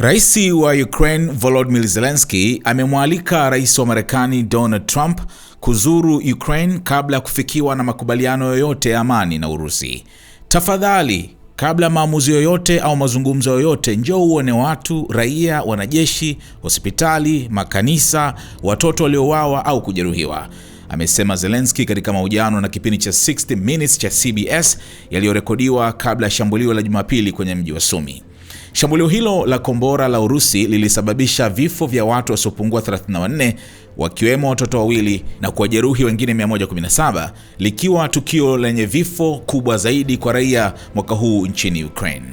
Rais wa Ukraine Volodymyr Zelensky amemwalika Rais wa Marekani Donald Trump kuzuru Ukraine kabla ya kufikiwa na makubaliano yoyote ya amani na Urusi. Tafadhali, kabla ya maamuzi yoyote au mazungumzo yoyote, njoo uone watu, raia, wanajeshi, hospitali, makanisa, watoto waliouawa au kujeruhiwa, amesema Zelensky katika mahojiano na kipindi cha 60 Minutes cha CBS yaliyorekodiwa kabla ya shambulio la Jumapili kwenye mji wa Sumi. Shambulio hilo la kombora la Urusi lilisababisha vifo vya watu wasiopungua 34 wakiwemo watoto wawili na kuwajeruhi wengine 117 likiwa tukio lenye vifo kubwa zaidi kwa raia mwaka huu nchini Ukraine.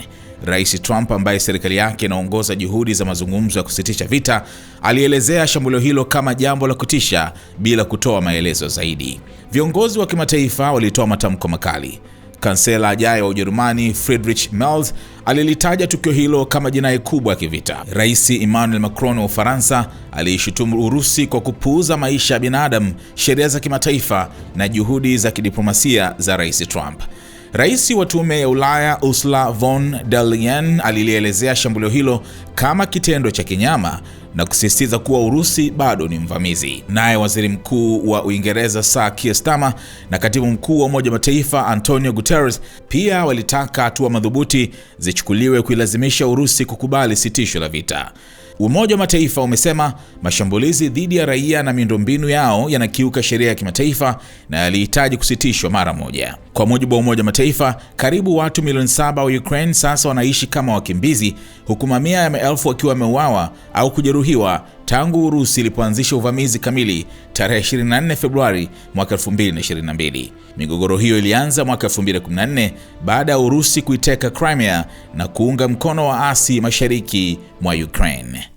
Rais Trump ambaye serikali yake inaongoza juhudi za mazungumzo ya kusitisha vita alielezea shambulio hilo kama jambo la kutisha bila kutoa maelezo zaidi. Viongozi wa kimataifa walitoa matamko makali. Kansela ajaye wa Ujerumani Friedrich mels alilitaja tukio hilo kama jinai kubwa ya kivita. Rais Emmanuel Macron wa Ufaransa aliishutumu Urusi kwa kupuuza maisha ya binadamu, sheria za kimataifa na juhudi za kidiplomasia za Rais Trump. Rais wa Tume ya Ulaya Ursula von der Leyen alilielezea shambulio hilo kama kitendo cha kinyama na kusisitiza kuwa Urusi bado ni mvamizi. Naye waziri mkuu wa Uingereza Sir Keir Starmer na katibu mkuu wa Umoja Mataifa Antonio Guterres pia walitaka hatua madhubuti zichukuliwe kuilazimisha Urusi kukubali sitisho la vita. Umoja wa Mataifa umesema mashambulizi dhidi ya raia na miundombinu yao yanakiuka sheria ya kimataifa na yalihitaji kusitishwa mara moja. Kwa mujibu wa Umoja wa Mataifa, karibu watu milioni saba wa Ukraine sasa wanaishi kama wakimbizi, huku mamia ya maelfu wakiwa wameuawa au kujeruhiwa tangu Urusi ilipoanzisha uvamizi kamili tarehe 24 Februari mwaka 2022. Migogoro hiyo ilianza mwaka 2014 baada ya Urusi kuiteka Crimea na kuunga mkono waasi mashariki mwa Ukraine.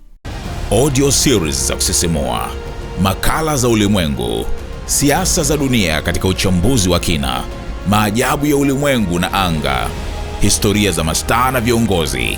Audio series za kusisimua, makala za ulimwengu, siasa za dunia katika uchambuzi wa kina, maajabu ya ulimwengu na anga, historia za mastaa na viongozi